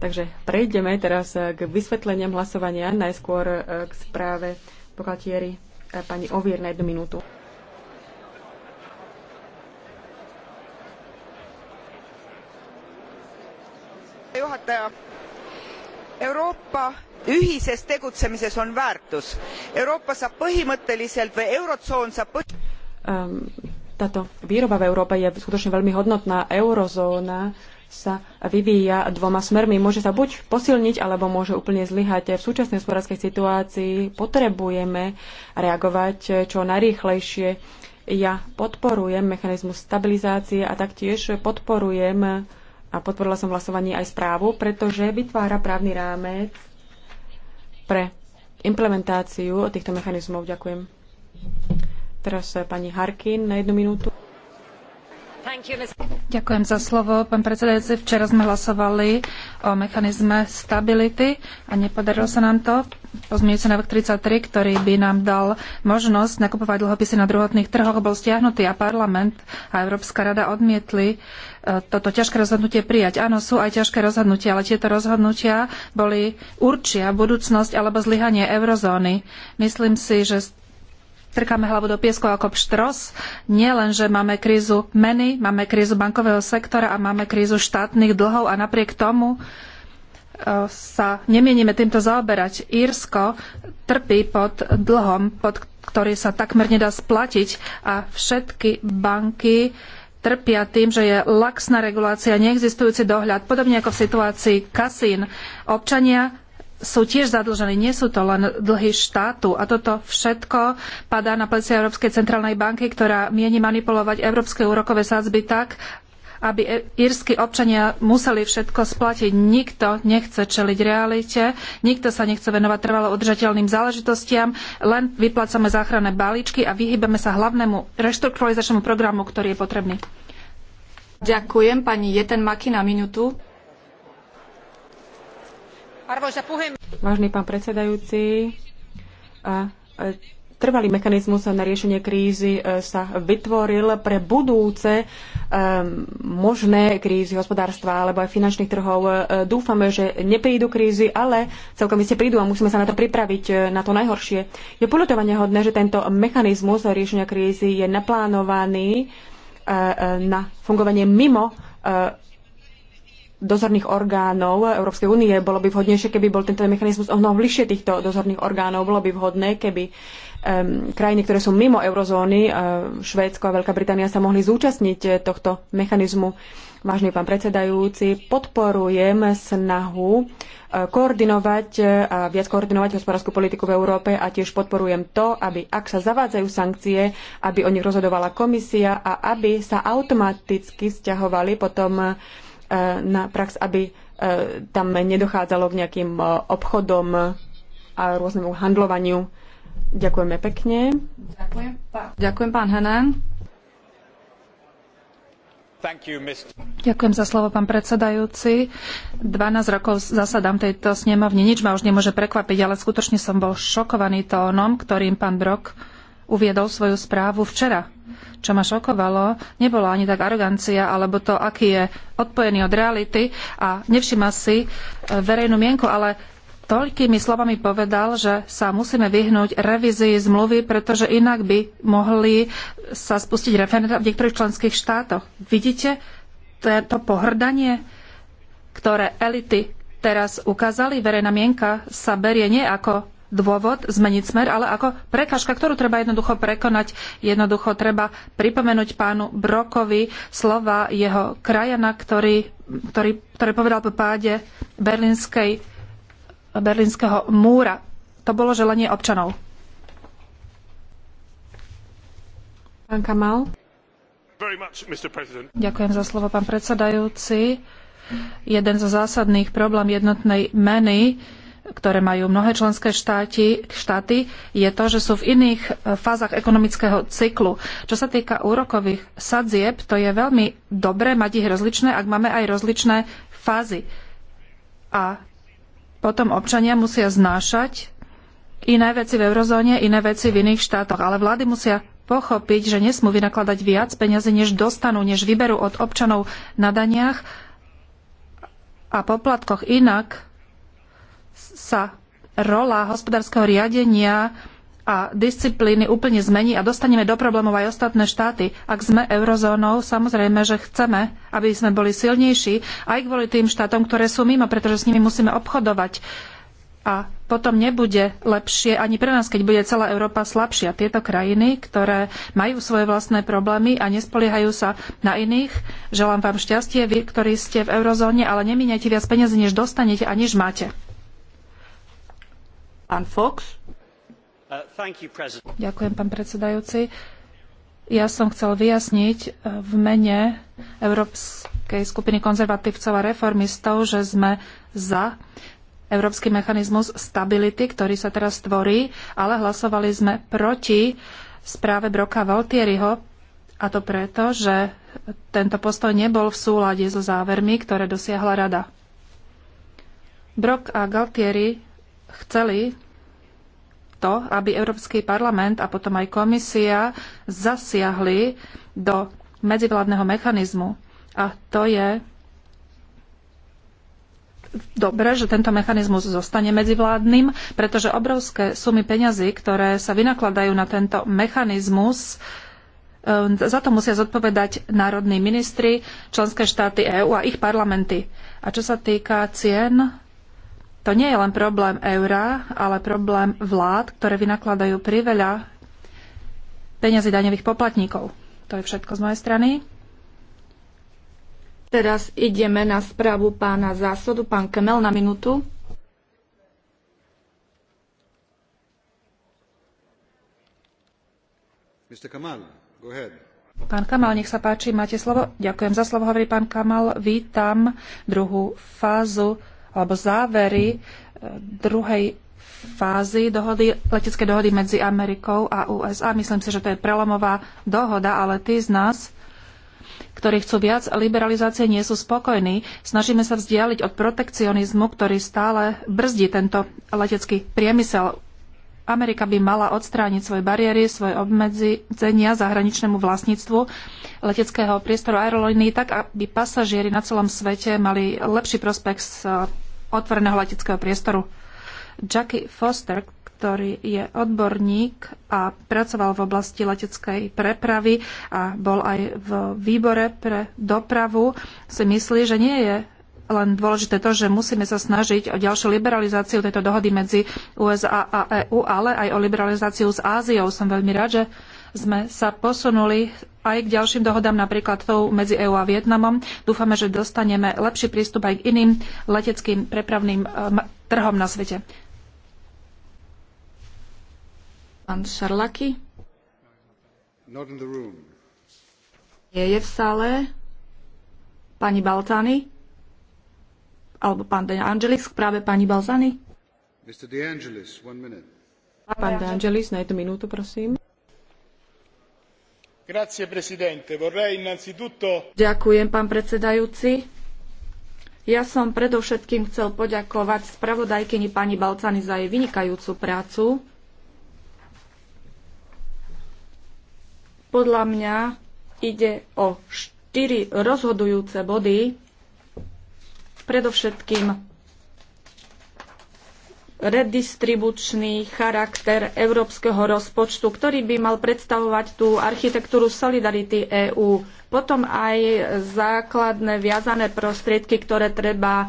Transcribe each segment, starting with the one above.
Takže prejdeme teraz k vysvetleniam hlasovania, najskôr k správe pokaltieri e, pani Ovier na jednu minútu. juhataja euroopa ühises tegutsemises on väärtus euroopa saab põhimõtteliselt või eurotsoon saab põhimõtteliselt ähm, táto výroba v Európe je skutočne veľmi hodnotná. Eurozóna sa vyvíja dvoma smermi. Môže sa buď posilniť, alebo môže úplne zlyhať. V súčasnej hospodárskej situácii potrebujeme reagovať čo najrýchlejšie. Ja podporujem mechanizmus stabilizácie a taktiež podporujem a podporila som hlasovanie aj správu, pretože vytvára právny rámec pre implementáciu týchto mechanizmov. Ďakujem. Teraz eh, pani Harkin na jednu minútu. Ďakujem za slovo. Pán predsedajúci, včera sme hlasovali o mechanizme stability a nepodarilo sa nám to. Pozmienujúci návrh 33, ktorý by nám dal možnosť nakupovať dlhopisy na druhotných trhoch, bol stiahnutý a parlament a Európska rada odmietli eh, toto ťažké rozhodnutie prijať. Áno, sú aj ťažké rozhodnutia, ale tieto rozhodnutia boli určia budúcnosť alebo zlyhanie eurozóny. Myslím si, že trkáme hlavu do piesku ako pštros. Nie len, že máme krízu meny, máme krízu bankového sektora a máme krízu štátnych dlhov a napriek tomu e, sa nemienime týmto zaoberať. Írsko trpí pod dlhom, pod ktorý sa takmer nedá splatiť a všetky banky trpia tým, že je laxná regulácia, neexistujúci dohľad, podobne ako v situácii kasín. Občania sú tiež zadlžené, Nie sú to len dlhy štátu. A toto všetko padá na pleci Európskej centrálnej banky, ktorá mieni manipulovať európske úrokové sádzby tak, aby e- írsky občania museli všetko splatiť. Nikto nechce čeliť realite, nikto sa nechce venovať trvalo udržateľným záležitostiam, len vyplácame záchranné balíčky a vyhybeme sa hlavnému reštrukturalizačnému programu, ktorý je potrebný. Ďakujem pani Jeten Maki na minútu. Vážený pán predsedajúci, trvalý mechanizmus na riešenie krízy e, sa vytvoril pre budúce e, možné krízy hospodárstva alebo aj finančných trhov. E, dúfame, že neprídu krízy, ale celkom iste prídu a musíme sa na to pripraviť, na to najhoršie. Je polutovania hodné, že tento mechanizmus riešenia krízy je naplánovaný na fungovanie mimo dozorných orgánov Európskej únie. Bolo by vhodnejšie, keby bol tento mechanizmus o mnoho bližšie týchto dozorných orgánov. Bolo by vhodné, keby um, krajiny, ktoré sú mimo eurozóny, um, Švédsko a Veľká Británia, sa mohli zúčastniť tohto mechanizmu. Vážny pán predsedajúci, podporujem snahu koordinovať a viac koordinovať hospodárskú politiku v Európe a tiež podporujem to, aby ak sa zavádzajú sankcie, aby o nich rozhodovala komisia a aby sa automaticky stiahovali potom E, na prax, aby e, tam nedochádzalo k nejakým e, obchodom a rôznemu handlovaniu. Ďakujeme pekne. Ďakujem, pán, Ďakujem, pán Hanan. Ďakujem za slovo, pán predsedajúci. 12 rokov zasadám tejto snemovne. Nič ma už nemôže prekvapiť, ale skutočne som bol šokovaný tónom, ktorým pán Brok uviedol svoju správu včera. Čo ma šokovalo, nebola ani tak arogancia, alebo to, aký je odpojený od reality a nevšimá si e, verejnú mienku, ale toľkými slovami povedal, že sa musíme vyhnúť revízii zmluvy, pretože inak by mohli sa spustiť referenda v niektorých členských štátoch. Vidíte to pohrdanie, ktoré elity teraz ukázali? Verejná mienka sa berie nie ako dôvod zmeniť smer, ale ako prekažka, ktorú treba jednoducho prekonať. Jednoducho treba pripomenúť pánu Brokovi slova jeho krajana, ktorý, ktorý, ktorý povedal po páde berlínskej, berlínskeho múra. To bolo želanie občanov. Pán Kamal. Ďakujem za slovo, pán predsedajúci. Jeden zo zásadných problém jednotnej meny ktoré majú mnohé členské štáty, štáty, je to, že sú v iných e, fázach ekonomického cyklu. Čo sa týka úrokových sadzieb, to je veľmi dobré mať ich rozličné, ak máme aj rozličné fázy. A potom občania musia znášať iné veci v eurozóne, iné veci v iných štátoch. Ale vlády musia pochopiť, že nesmú vynakladať viac peniazy, než dostanú, než vyberú od občanov na daniach a poplatkoch. Inak sa rola hospodárskeho riadenia a disciplíny úplne zmení a dostaneme do problémov aj ostatné štáty. Ak sme eurozónou, samozrejme, že chceme, aby sme boli silnejší aj kvôli tým štátom, ktoré sú mimo, pretože s nimi musíme obchodovať. A potom nebude lepšie ani pre nás, keď bude celá Európa slabšia. Tieto krajiny, ktoré majú svoje vlastné problémy a nespoliehajú sa na iných, želám vám šťastie, vy, ktorí ste v eurozóne, ale nemíňajte viac peniazy, než dostanete a než máte. Uh, Ďakujem, pán predsedajúci. Ja som chcel vyjasniť uh, v mene Európskej skupiny konzervatívcov a reformistov, že sme za Európsky mechanizmus stability, ktorý sa teraz tvorí, ale hlasovali sme proti správe Broka Valtieriho, a to preto, že tento postoj nebol v súlade so závermi, ktoré dosiahla Rada. Brok a Galtieri chceli to, aby Európsky parlament a potom aj komisia zasiahli do medzivládneho mechanizmu. A to je dobre, že tento mechanizmus zostane medzivládnym, pretože obrovské sumy peňazí, ktoré sa vynakladajú na tento mechanizmus, e, za to musia zodpovedať národní ministri, členské štáty EÚ a ich parlamenty. A čo sa týka cien, to nie je len problém eura, ale problém vlád, ktoré vynakladajú priveľa peňazí daňových poplatníkov. To je všetko z mojej strany. Teraz ideme na správu pána zásadu. Pán Kemel na minútu. Mr. Kamal, go ahead. Pán Kamal, nech sa páči, máte slovo. Ďakujem za slovo, hovorí pán Kamal. Vítam druhú fázu alebo závery e, druhej fázy dohody, letecké dohody medzi Amerikou a USA. Myslím si, že to je prelomová dohoda, ale tí z nás, ktorí chcú viac liberalizácie, nie sú spokojní. Snažíme sa vzdialiť od protekcionizmu, ktorý stále brzdí tento letecký priemysel. Amerika by mala odstrániť svoje bariéry, svoje obmedzenia zahraničnému vlastníctvu leteckého priestoru aerolíny tak, aby pasažieri na celom svete mali lepší prospekt z otvoreného leteckého priestoru. Jackie Foster, ktorý je odborník a pracoval v oblasti leteckej prepravy a bol aj v výbore pre dopravu, si myslí, že nie je len dôležité to, že musíme sa snažiť o ďalšiu liberalizáciu tejto dohody medzi USA a EU, ale aj o liberalizáciu s Áziou. Som veľmi rád, že sme sa posunuli aj k ďalším dohodám, napríklad tou medzi EÚ a Vietnamom. Dúfame, že dostaneme lepší prístup aj k iným leteckým prepravným eh, trhom na svete. Pán Šarlaky? Nie je v sále. Pani Baltany? Alebo pán De Angelis, práve pani Balzany? Mr. De Angelis, one minute. Pán De Angelis, na jednu minútu, prosím. Ďakujem, pán predsedajúci. Ja som predovšetkým chcel poďakovať spravodajkyni pani Balcani za jej vynikajúcu prácu. Podľa mňa ide o štyri rozhodujúce body. Predovšetkým redistribučný charakter európskeho rozpočtu, ktorý by mal predstavovať tú architektúru solidarity EÚ. Potom aj základné viazané prostriedky, ktoré treba e,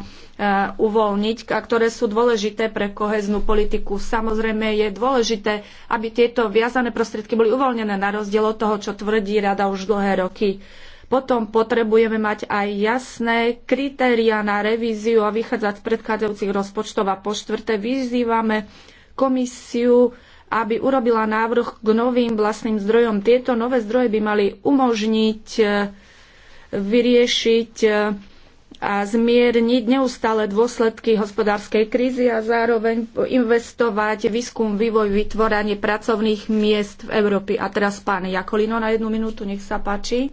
uvoľniť a ktoré sú dôležité pre koheznú politiku. Samozrejme je dôležité, aby tieto viazané prostriedky boli uvoľnené na rozdiel od toho, čo tvrdí rada už dlhé roky. Potom potrebujeme mať aj jasné kritéria na revíziu a vychádzať z predchádzajúcich rozpočtov. A po štvrté vyzývame komisiu, aby urobila návrh k novým vlastným zdrojom. Tieto nové zdroje by mali umožniť e, vyriešiť e, a zmierniť neustále dôsledky hospodárskej krízy a zároveň investovať výskum, vývoj, vytvoranie pracovných miest v Európe. A teraz pán Jakolino na jednu minútu, nech sa páči.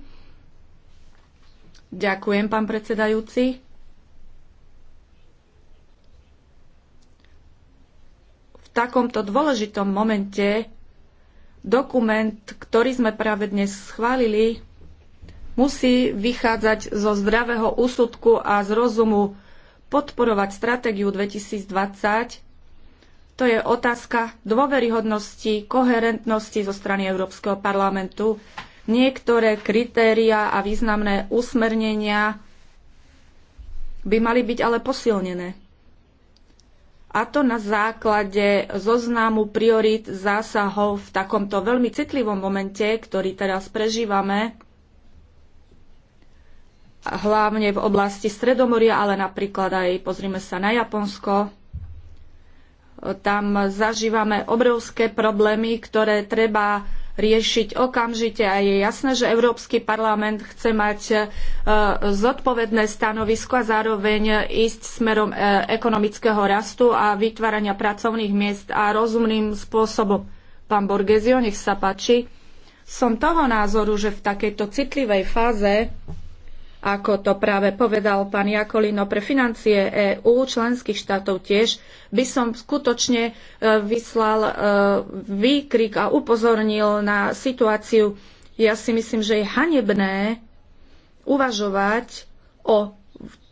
Ďakujem, pán predsedajúci. V takomto dôležitom momente dokument, ktorý sme práve dnes schválili, musí vychádzať zo zdravého úsudku a z rozumu podporovať stratégiu 2020. To je otázka dôveryhodnosti, koherentnosti zo strany Európskeho parlamentu Niektoré kritéria a významné usmernenia by mali byť ale posilnené. A to na základe zoznamu priorit zásahov v takomto veľmi citlivom momente, ktorý teraz prežívame, hlavne v oblasti Stredomoria, ale napríklad aj pozrime sa na Japonsko, tam zažívame obrovské problémy, ktoré treba riešiť okamžite a je jasné, že Európsky parlament chce mať e, zodpovedné stanovisko a zároveň ísť smerom e, ekonomického rastu a vytvárania pracovných miest a rozumným spôsobom. Pán Borgesio, nech sa páči. Som toho názoru, že v takejto citlivej fáze ako to práve povedal pán Jakolino, pre financie EÚ členských štátov tiež by som skutočne e, vyslal e, výkrik a upozornil na situáciu. Ja si myslím, že je hanebné uvažovať o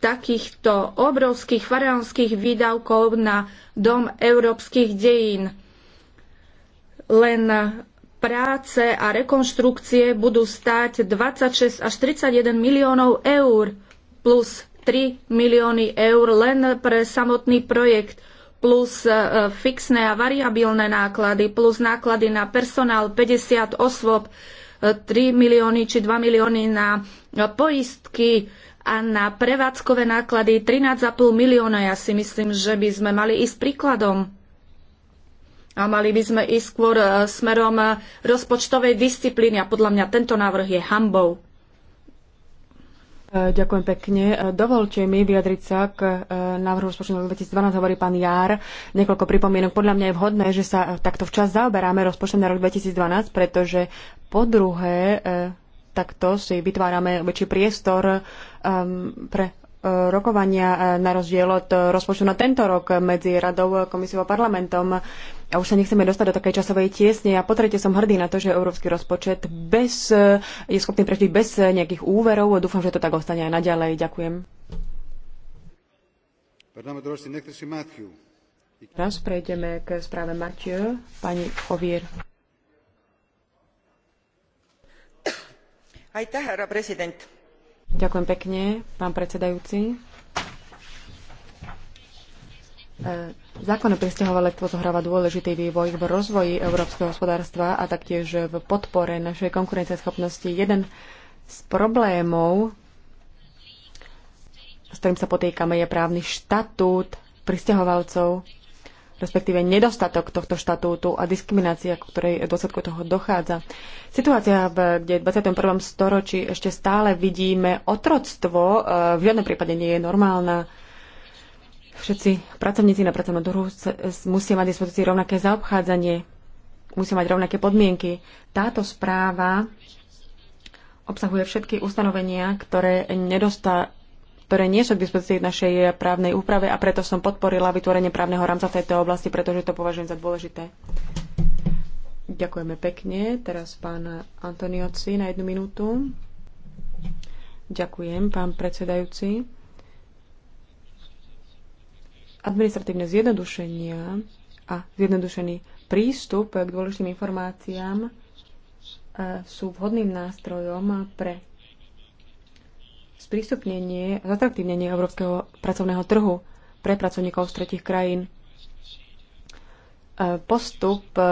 takýchto obrovských faraónskych výdavkov na Dom európskych dejín. Len práce a rekonštrukcie budú stáť 26 až 31 miliónov eur plus 3 milióny eur len pre samotný projekt plus e, fixné a variabilné náklady, plus náklady na personál 50 osôb, 3 e, milióny či 2 milióny na e, poistky a na prevádzkové náklady 13,5 milióna. Ja si myslím, že by sme mali ísť príkladom a mali by sme ísť skôr e, smerom e, rozpočtovej disciplíny a podľa mňa tento návrh je hambou. E, ďakujem pekne. Dovolte mi vyjadriť sa k návrhu rozpočtu 2012, hovorí pán Jár. Niekoľko pripomienok. Podľa mňa je vhodné, že sa takto včas zaoberáme rozpočtom na rok 2012, pretože po druhé takto si vytvárame väčší priestor um, pre rokovania e, na rozdiel od rozpočtu na tento rok medzi Radou, Komisiou a parlamentom. A už sa nechceme dostať do takej časovej tiesne. A po tretie som hrdý na to, že európsky rozpočet bez, je schopný prežiť bez nejakých úverov. Dúfam, že to tak ostane aj naďalej. Ďakujem. Teraz prejdeme k správe Mathieu, pani Ovier. Aitäh, härra president! Ďakujem pekne, pán predsedajúci. E, Zákon o pristahovalectvo zohráva dôležitý vývoj v rozvoji európskeho hospodárstva a taktiež v podpore našej konkurenceschopnosti. Jeden z problémov, s ktorým sa potýkame, je právny štatút pristahovalcov respektíve nedostatok tohto štatútu a diskriminácia, k ktorej dôsledku toho dochádza. Situácia, v, kde v 21. storočí ešte stále vidíme otroctvo, e, v žiadnom prípade nie je normálna. Všetci pracovníci na pracovnom trhu musia mať dispozícii rovnaké zaobchádzanie, musia mať rovnaké podmienky. Táto správa obsahuje všetky ustanovenia, ktoré nedosta- ktoré nie sú k dispozícii v našej právnej úprave a preto som podporila vytvorenie právneho rámca v tejto oblasti, pretože to považujem za dôležité. Ďakujeme pekne. Teraz pán Antonioci na jednu minútu. Ďakujem, pán predsedajúci. Administratívne zjednodušenia a zjednodušený prístup k dôležitým informáciám eh, sú vhodným nástrojom pre sprístupnenie, a zatraktívnenie európskeho pracovného trhu pre pracovníkov z tretich krajín. E, postup e,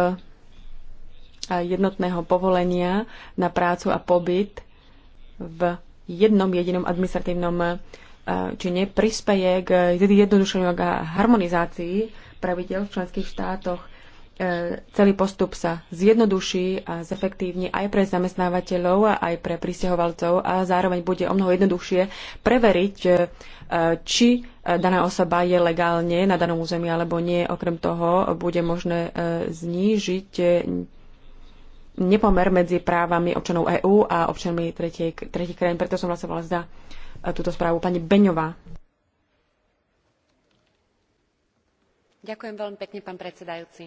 jednotného povolenia na prácu a pobyt v jednom jedinom administratívnom e, čine prispeje k jednodušeniu a harmonizácii pravidel v členských štátoch. E, celý postup sa zjednoduší a zefektívni aj pre zamestnávateľov, a aj pre pristahovalcov a zároveň bude o mnoho jednoduchšie preveriť, e, či e, daná osoba je legálne na danom území alebo nie. Okrem toho bude možné znížiť nepomer medzi právami občanov EÚ a občanmi tretich krajín. Preto som hlasovala za túto správu. Pani Beňová. Ďakujem veľmi pekne, pán predsedajúci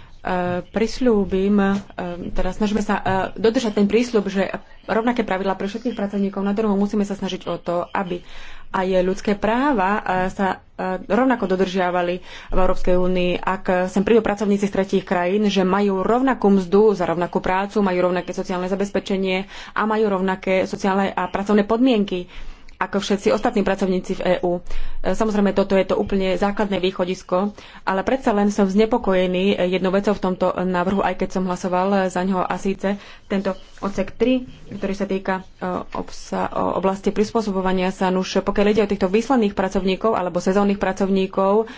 Eh, prislúbim, eh, teda snažíme sa eh, dodržať ten prísľub, že rovnaké pravidlá pre všetkých pracovníkov na trhu musíme sa snažiť o to, aby aj ľudské práva sa rovnako dodržiavali v Európskej únii. Ak sem prídu pracovníci z tretích krajín, že majú rovnakú mzdu za rovnakú prácu, majú rovnaké sociálne zabezpečenie a majú rovnaké sociálne a pracovné podmienky ako všetci ostatní pracovníci v EÚ. E, samozrejme, toto je to úplne základné východisko, ale predsa len som znepokojený jednou vecou v tomto návrhu, aj keď som hlasoval za ňoho a síce tento odsek 3, ktorý sa týka e, obsa, oblasti prispôsobovania sa. Nuž, pokiaľ ide o týchto výsledných pracovníkov alebo sezónnych pracovníkov,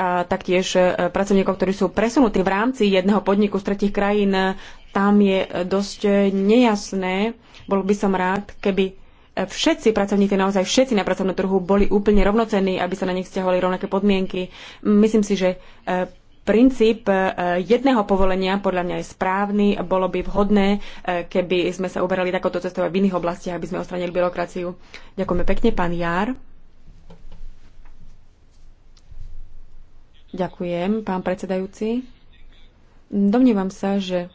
a taktiež e, pracovníkov, ktorí sú presunutí v rámci jedného podniku z tretich krajín, tam je dosť nejasné. Bol by som rád, keby všetci pracovníci, naozaj všetci na pracovnom trhu boli úplne rovnocenní, aby sa na nich stiahovali rovnaké podmienky. Myslím si, že e, princíp e, jedného povolenia podľa mňa je správny. Bolo by vhodné, e, keby sme sa uberali takouto cestou aj v iných oblastiach, aby sme ostranili byrokraciu. Ďakujeme pekne, pán Jár. Ďakujem, pán predsedajúci. Domnievam sa, že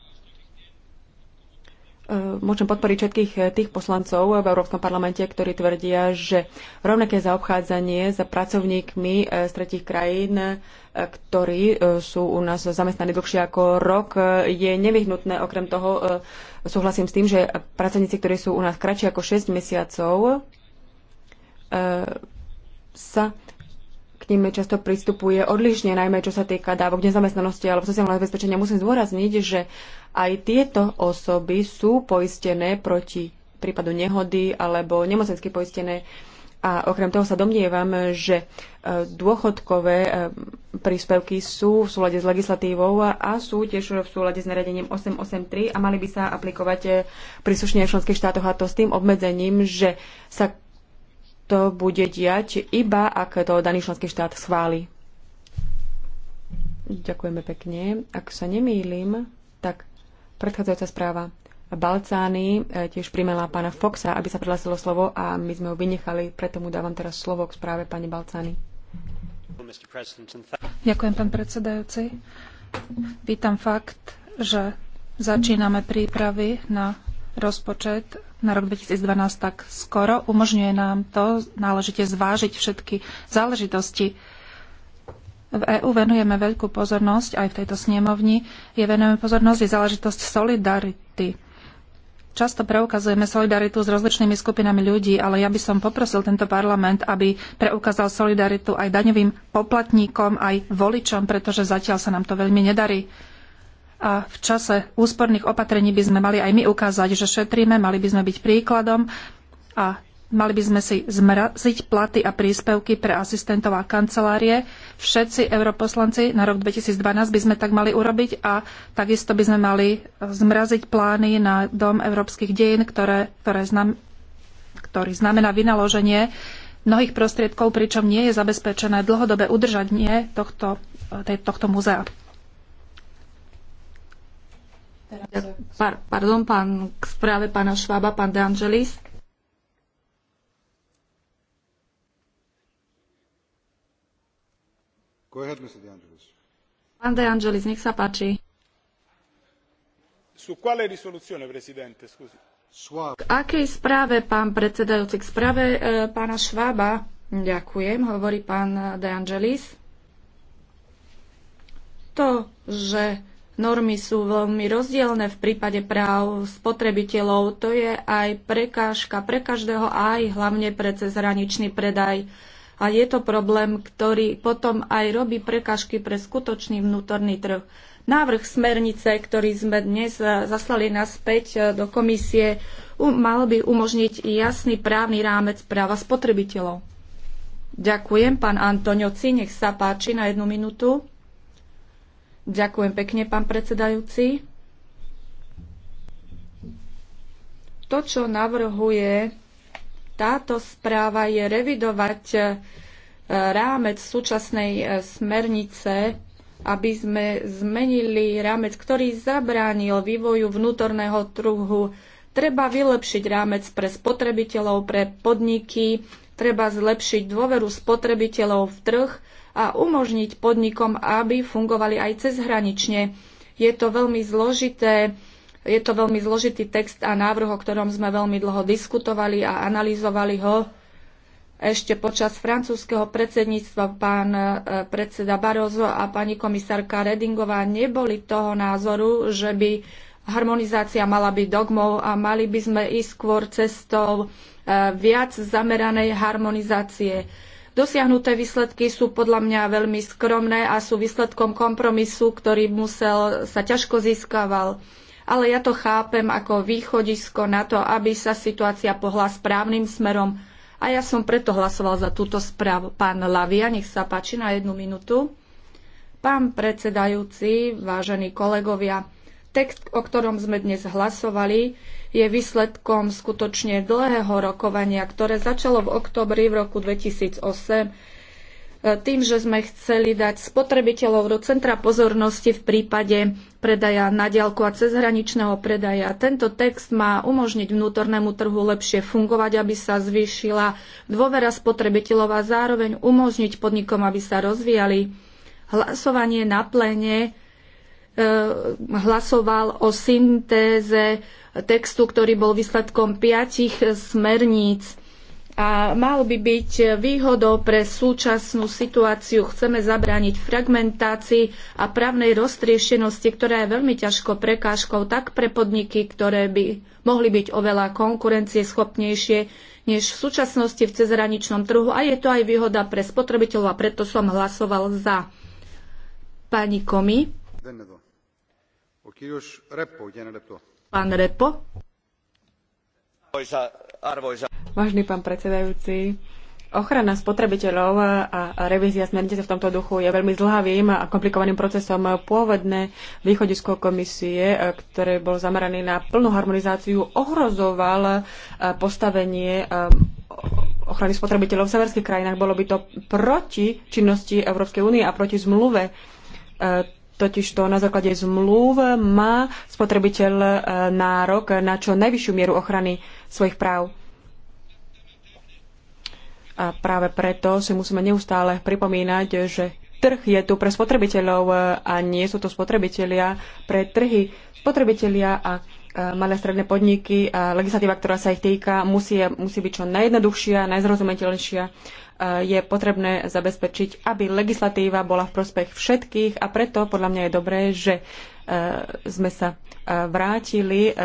Eh, môžem podporiť všetkých eh, tých poslancov v Európskom parlamente, ktorí tvrdia, že rovnaké zaobchádzanie za pracovníkmi eh, z tretich krajín, ktorí sú u nás zamestnaní dlhšie ako rok, je nevyhnutné. Okrem toho súhlasím s tým, že pracovníci, ktorí sú u nás kratšie ako 6 mesiacov, sa ním často pristupuje odlišne, najmä čo sa týka dávok nezamestnanosti alebo sociálneho zabezpečenia. Musím zdôrazniť, že aj tieto osoby sú poistené proti prípadu nehody alebo nemocensky poistené. A okrem toho sa domnievam, že e, dôchodkové e, príspevky sú v súlade s legislatívou a sú tiež v súlade s nariadením 883 a mali by sa aplikovať e, príslušne v členských štátoch a to s tým obmedzením, že sa to bude diať iba, ak to daný členský štát schváli. Ďakujeme pekne. Ak sa nemýlim, tak predchádzajúca správa Balcány e, tiež primela pána Foxa, aby sa prihlásilo slovo a my sme ho vynechali, preto mu dávam teraz slovo k správe pani Balcány. Ďakujem, pán predsedajúci. Vítam fakt, že začíname prípravy na rozpočet na rok 2012 tak skoro, umožňuje nám to náležite zvážiť všetky záležitosti. V EÚ venujeme veľkú pozornosť, aj v tejto snemovni je venujeme pozornosť, je záležitosť solidarity. Často preukazujeme solidaritu s rozličnými skupinami ľudí, ale ja by som poprosil tento parlament, aby preukázal solidaritu aj daňovým poplatníkom, aj voličom, pretože zatiaľ sa nám to veľmi nedarí. A v čase úsporných opatrení by sme mali aj my ukázať, že šetríme, mali by sme byť príkladom a mali by sme si zmraziť platy a príspevky pre asistentov a kancelárie. Všetci europoslanci na rok 2012 by sme tak mali urobiť a takisto by sme mali eh, zmraziť plány na Dom európskych dejín, ktoré, ktoré znam, ktorý znamená vynaloženie mnohých prostriedkov, pričom nie je zabezpečené dlhodobé udržanie tohto, eh, tohto múzea. Eh, par, pardon, pán, k správe pána Švába, pán De Angelis. Go ahead, Mr. De Angelis. Pán De Angelis, nech sa páči. Su quale risoluzione, presidente, scusi? K akej správe, pán predsedajúci, k správe e, pána Švába? Ďakujem, hovorí pán De Angelis. To, že Normy sú veľmi rozdielne v prípade práv spotrebiteľov. To je aj prekážka pre každého, aj hlavne pre cezhraničný predaj. A je to problém, ktorý potom aj robí prekážky pre skutočný vnútorný trh. Návrh smernice, ktorý sme dnes eh, zaslali naspäť eh, do komisie, mal by umožniť jasný právny rámec práva spotrebiteľov. Ďakujem, pán Antonioci, nech sa páči na jednu minútu. Ďakujem pekne, pán predsedajúci. To, čo navrhuje táto správa, je revidovať e, rámec súčasnej e, smernice, aby sme zmenili rámec, ktorý zabránil vývoju vnútorného trhu. Treba vylepšiť rámec pre spotrebiteľov, pre podniky, Treba zlepšiť dôveru spotrebiteľov v trh a umožniť podnikom, aby fungovali aj cezhranične. Je to veľmi zložité, je to veľmi zložitý text a návrh, o ktorom sme veľmi dlho diskutovali a analyzovali ho. Ešte počas francúzského predsedníctva pán e, predseda Barozo a pani komisárka Redingová neboli toho názoru, že by harmonizácia mala byť dogmou a mali by sme ísť skôr cestou viac zameranej harmonizácie. Dosiahnuté výsledky sú podľa mňa veľmi skromné a sú výsledkom kompromisu, ktorý musel sa ťažko získaval. Ale ja to chápem ako východisko na to, aby sa situácia pohla správnym smerom. A ja som preto hlasoval za túto správu. Pán Lavia, nech sa páči na jednu minútu. Pán predsedajúci, vážení kolegovia, Text, o ktorom sme dnes hlasovali, je výsledkom skutočne dlhého rokovania, ktoré začalo v oktobri v roku 2008 e, tým, že sme chceli dať spotrebiteľov do centra pozornosti v prípade predaja na diaľku a cezhraničného predaja. Tento text má umožniť vnútornému trhu lepšie fungovať, aby sa zvýšila dôvera spotrebiteľov a zároveň umožniť podnikom, aby sa rozvíjali. Hlasovanie na pléne Eh, hlasoval o syntéze textu, ktorý bol výsledkom piatich smerníc a mal by byť výhodou pre súčasnú situáciu. Chceme zabrániť fragmentácii a právnej roztriešenosti, ktorá je veľmi ťažko prekážkou tak pre podniky, ktoré by mohli byť oveľa konkurencieschopnejšie než v súčasnosti v cezhraničnom trhu a je to aj výhoda pre spotrebiteľov a preto som hlasoval za. Pani Komi vážený pán predsedajúci, ochrana spotrebiteľov a revízia smernice v tomto duchu je veľmi zdĺhavým a komplikovaným procesom. Pôvodné východisko komisie, e, ktoré bol zameraný na plnú harmonizáciu, ohrozoval e, postavenie e, ochrany spotrebiteľov v severských krajinách. Bolo by to proti činnosti Európskej únie a proti zmluve Totižto na základe zmluv má spotrebiteľ e, nárok na čo najvyššiu mieru ochrany svojich práv. A práve preto si musíme neustále pripomínať, že trh je tu pre spotrebiteľov e, a nie sú to spotrebitelia pre trhy. Spotrebitelia a E, malé stredné podniky a legislatíva, ktorá sa ich týka, musí, musí byť čo najjednoduchšia, najzrozumiteľnejšia. E, je potrebné zabezpečiť, aby legislatíva bola v prospech všetkých a preto podľa mňa je dobré, že e, sme sa vrátili,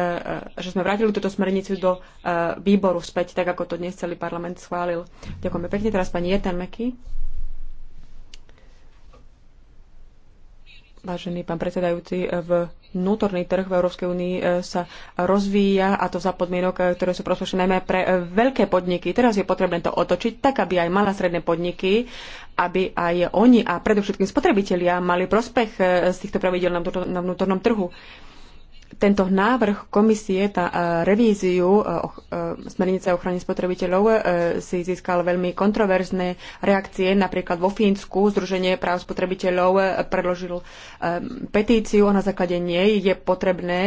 že sme vrátili túto smernicu do výboru späť, tak ako to dnes celý parlament schválil. Ďakujeme pekne. Teraz pani Jeten Meky. Vážený pán predsedajúci, vnútorný trh v Európskej únii e, sa rozvíja a to za podmienok, e, ktoré sú prospešné najmä pre e, veľké podniky. Teraz je potrebné to otočiť tak, aby aj malé a stredné podniky, aby aj oni a predovšetkým spotrebitelia mali prospech z týchto pravidel na vnútornom trhu tento návrh komisie, tá e, revíziu e, e, smernice o ochrane spotrebiteľov si získal veľmi kontroverzné reakcie. Napríklad vo Fínsku Združenie práv spotrebiteľov predložil petíciu a na základe nej je potrebné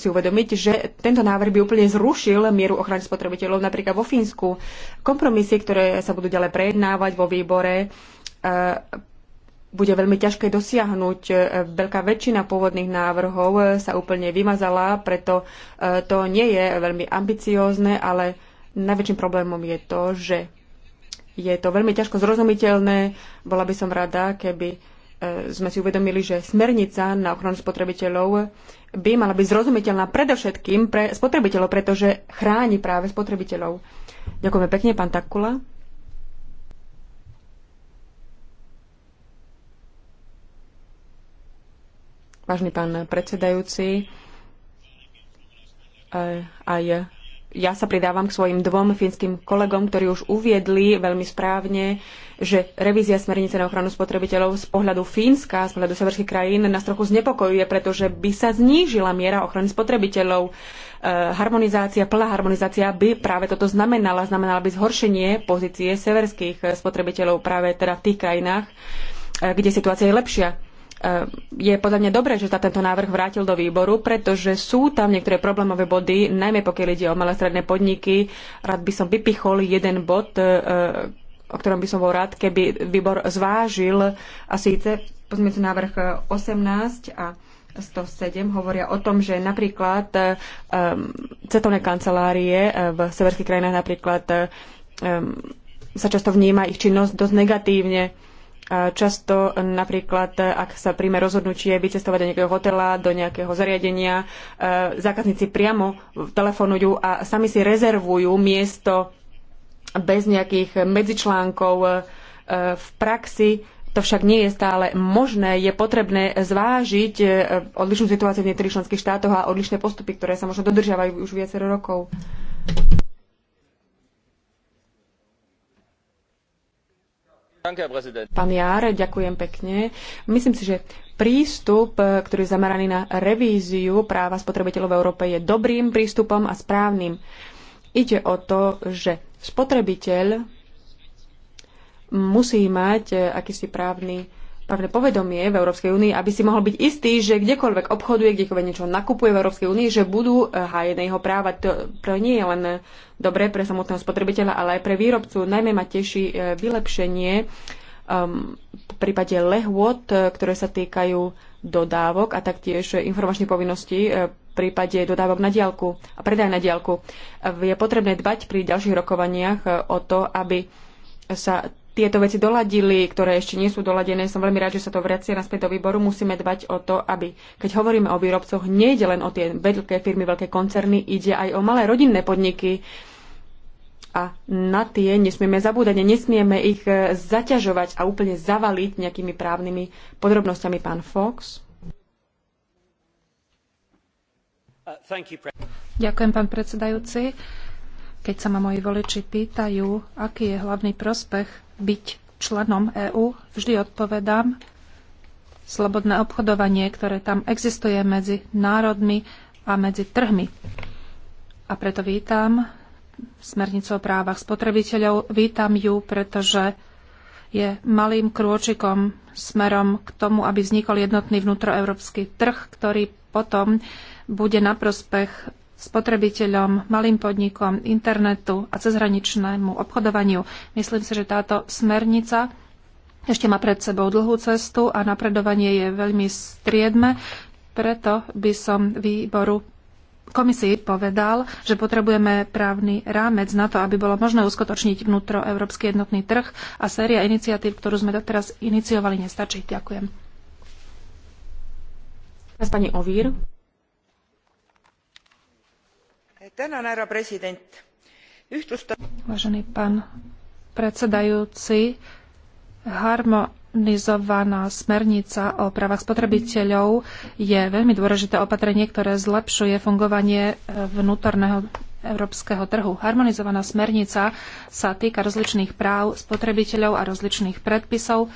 si uvedomiť, že tento návrh by úplne zrušil mieru ochrany spotrebiteľov. Napríklad vo Fínsku kompromisy, ktoré sa budú ďalej prejednávať vo výbore, bude veľmi ťažké dosiahnuť. E, veľká väčšina pôvodných návrhov e, sa úplne vymazala, preto e, to nie je veľmi ambiciózne, ale najväčším problémom je to, že je to veľmi ťažko zrozumiteľné. Bola by som rada, keby sme si uvedomili, že smernica na ochranu spotrebiteľov by mala byť zrozumiteľná predovšetkým pre spotrebiteľov, pretože chráni práve spotrebiteľov. Ďakujeme pekne, pán Takula. Vážny pán predsedajúci, eh, aj ja sa pridávam k svojim dvom fínskym kolegom, ktorí už uviedli veľmi správne, že revízia smernice na ochranu spotrebiteľov z pohľadu Fínska, z pohľadu severských krajín nás trochu znepokojuje, pretože by sa znížila miera ochrany spotrebiteľov. Eh, harmonizácia, plná harmonizácia by práve toto znamenala. Znamenala by zhoršenie pozície severských spotrebiteľov práve teda v tých krajinách, eh, kde situácia je lepšia. E, je podľa mňa dobré, že sa tento návrh vrátil do výboru, pretože sú tam niektoré problémové body, najmä pokiaľ ide o malé stredné podniky. Rád by som vypichol jeden bod, e, o ktorom by som bol rád, keby výbor zvážil a síce pozmeňujúci návrh 18 e, a 107 hovoria o tom, že napríklad um, cetovné kancelárie v severských krajinách napríklad um, sa často vníma ich činnosť dosť negatívne často napríklad, ak sa príjme rozhodnutie vycestovať do nejakého hotela, do nejakého zariadenia, e, zákazníci priamo telefonujú a sami si rezervujú miesto bez nejakých medzičlánkov. E, v praxi to však nie je stále možné. Je potrebné zvážiť e, odlišnú situáciu v niektorých členských štátoch a odlišné postupy, ktoré sa možno dodržiavajú už viacero rokov. Pán Jár, ďakujem pekne. Myslím si, že prístup, e, ktorý je zameraný na revíziu práva spotrebiteľov v Európe, je dobrým prístupom a správnym. Ide o to, že spotrebiteľ musí mať e, akýsi právny pevné povedomie v Európskej únii, aby si mohol byť istý, že kdekoľvek obchoduje, kdekoľvek niečo nakupuje v Európskej únii, že budú eh, hájené jeho práva. To, pre nie je len dobré pre samotného spotrebiteľa, ale aj pre výrobcu. Najmä ma teší eh, vylepšenie um, v prípade lehôd, eh, ktoré sa týkajú dodávok a taktiež informačných povinností v prípade dodávok na diálku a predaj na diálku. Je potrebné dbať pri ďalších rokovaniach o to, aby sa tieto veci doladili, ktoré ešte nie sú doladené. Som veľmi rád, že sa to vracia naspäť do výboru. Musíme dbať o to, aby, keď hovoríme o výrobcoch, nie ide len o tie veľké firmy, veľké koncerny, ide aj o malé rodinné podniky. A na tie nesmieme zabúdať, nesmieme ich e, zaťažovať a úplne zavaliť nejakými právnymi podrobnosťami. Pán Fox. Uh, Ďakujem, pán predsedajúci. Keď sa ma moji voliči pýtajú, aký je hlavný prospech byť členom EÚ, vždy odpovedám, slobodné obchodovanie, ktoré tam existuje medzi národmi a medzi trhmi. A preto vítam smernicu o právach spotrebiteľov. Vítam ju, pretože je malým krôčikom smerom k tomu, aby vznikol jednotný vnútroeurópsky trh, ktorý potom bude na prospech spotrebiteľom, malým podnikom, internetu a cezhraničnému obchodovaniu. Myslím si, že táto smernica ešte má pred sebou dlhú cestu a napredovanie je veľmi striedme, preto by som výboru komisii povedal, že potrebujeme právny rámec na to, aby bolo možné uskutočniť vnútroeurópsky jednotný trh a séria iniciatív, ktorú sme doteraz iniciovali, nestačí. Ďakujem. pani Ovír. Vážený pán predsedajúci, harmonizovaná smernica o právach spotrebiteľov je veľmi dôležité opatrenie, ktoré zlepšuje fungovanie e, vnútorného európskeho trhu. Harmonizovaná smernica sa týka rozličných práv spotrebiteľov a rozličných predpisov,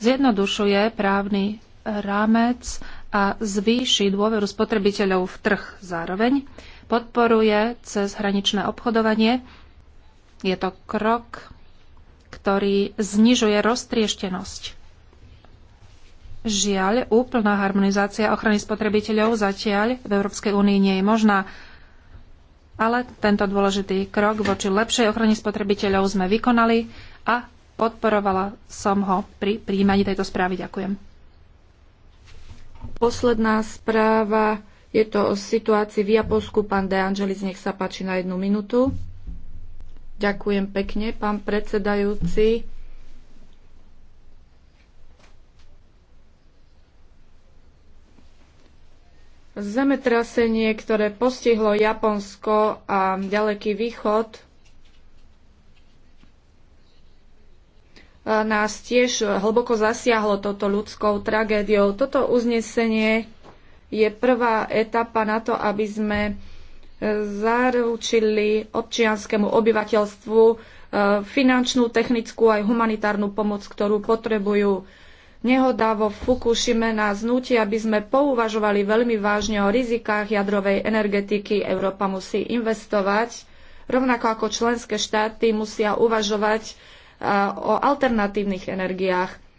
zjednodušuje právny e, rámec a zvýši dôveru spotrebiteľov v trh zároveň podporuje cez hraničné obchodovanie. Je to krok, ktorý znižuje roztrieštenosť. Žiaľ, úplná harmonizácia ochrany spotrebiteľov zatiaľ v Európskej únii nie je možná, ale tento dôležitý krok voči lepšej ochrane spotrebiteľov sme vykonali a podporovala som ho pri príjmaní tejto správy. Ďakujem. Posledná správa je to o situácii v Japonsku. Pán De Angelis, nech sa páči na jednu minútu. Ďakujem pekne, pán predsedajúci. Zemetrasenie, ktoré postihlo Japonsko a ďaleký východ, nás tiež hlboko zasiahlo toto ľudskou tragédiou. Toto uznesenie je prvá etapa na to, aby sme e, zaručili občianskému obyvateľstvu e, finančnú, technickú aj humanitárnu pomoc, ktorú potrebujú. Nehoda vo Fukushime nás nutí, aby sme pouvažovali veľmi vážne o rizikách jadrovej energetiky. Európa musí investovať, rovnako ako členské štáty musia uvažovať e, o alternatívnych energiách.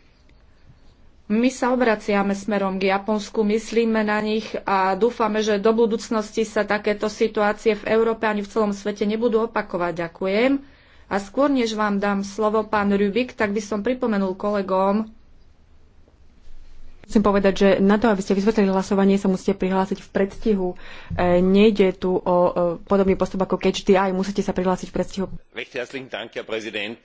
My sa obraciame smerom k Japonsku, myslíme na nich a dúfame, že do budúcnosti sa takéto situácie v Európe ani v celom svete nebudú opakovať. Ďakujem. A skôr, než vám dám slovo, pán Rubik, tak by som pripomenul kolegom, Chcem povedať, že na to, aby ste vysvetlili hlasovanie, sa musíte prihlásiť v predstihu. E, nejde tu o, o e, podobný postup ako catch the eye, musíte sa prihlásiť v predstihu. Recht herzlichen Dank, Herr Präsident.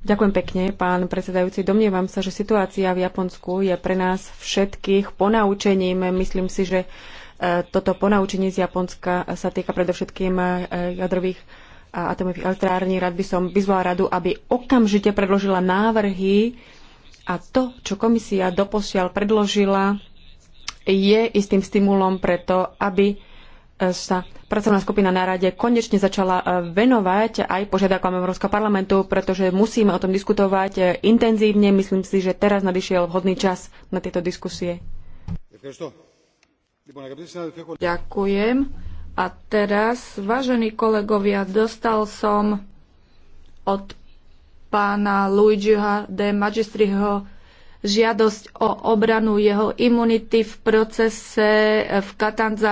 Ďakujem pekne, pán predsedajúci. Domnievam sa, že situácia v Japonsku je pre nás všetkých ponaučením. Myslím si, že e, toto ponaučenie z Japonska sa týka predovšetkým e, jadrových a atomových elektrární. Rád by som vyzvala radu, aby okamžite predložila návrhy a to, čo komisia doposiaľ predložila, je istým stimulom preto, aby sa pracovná skupina na rade konečne začala e, venovať aj požiadavkám Európskeho parlamentu, pretože musíme o tom diskutovať e, intenzívne. Myslím si, že teraz nadišiel vhodný čas na tieto diskusie. Ďakujem. A teraz, vážení kolegovia, dostal som od pána Luigiho de Magistriho žiadosť o obranu jeho imunity v procese v Katanzáru.